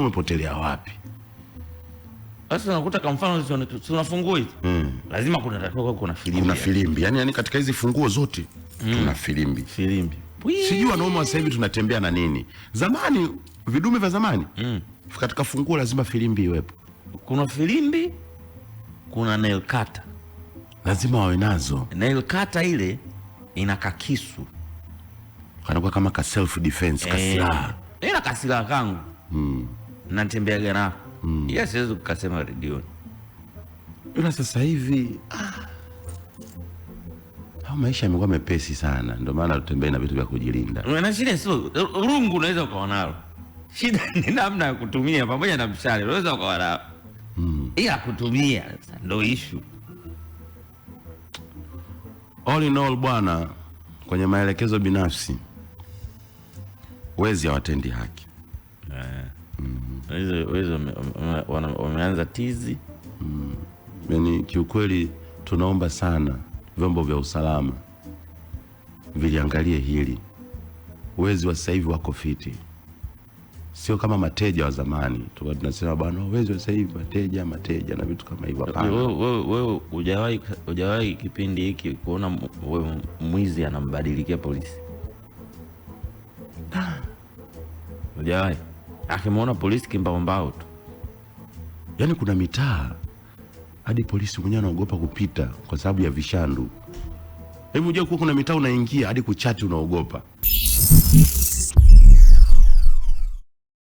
Ujue umepotelea wapi? Sasa nakuta kama mfano tuna funguo hizi. Mm. Lazima kuna tatoka kuna filimbi. Kuna filimbi. Yaani yani katika hizi funguo zote mm. tuna filimbi. Filimbi. Sijui wanaume wa sasa hivi tunatembea na nini. Zamani vidume vya zamani mm. katika funguo lazima filimbi iwepo. Kuna filimbi, kuna nail cutter. Lazima wawe nazo. Nail cutter ile ina kakisu. Kanakuwa kama ka self defense, kasilaha. Eh. Ila kasilaha kangu natembeaga nako mm. ya siwezi kukasema redioni, ila sasa hivi ah, maisha yamekuwa mepesi sana, ndio maana tutembee na vitu vya kujilinda. Na shida sio rungu, unaweza ukawa nalo, shida ni namna ya kutumia. Pamoja na mshale unaweza ukawa nalo mm. Ila kutumia ndo ishu. All in all bwana, kwenye maelekezo binafsi, wezi hawatendi haki yeah. Wezi wameanza tizi mm. Yani kiukweli tunaomba sana vyombo vya usalama viliangalie hili. Wezi wa sasa hivi wako fiti, sio kama mateja wa zamani tulikuwa tunasema bwana, wezi wa sasa hivi mateja mateja na vitu kama hivyo. Hapana, wewe hujawahi hujawahi kipindi hiki kuona mwizi anambadilikia polisi? Ah. Hujawahi? akimwona polisi kimbaumbao tu. Yaani kuna mitaa hadi polisi mwenyewe anaogopa kupita kwa sababu ya vishandu. Hebu unajua kuwa kuna mitaa unaingia hadi kuchati unaogopa.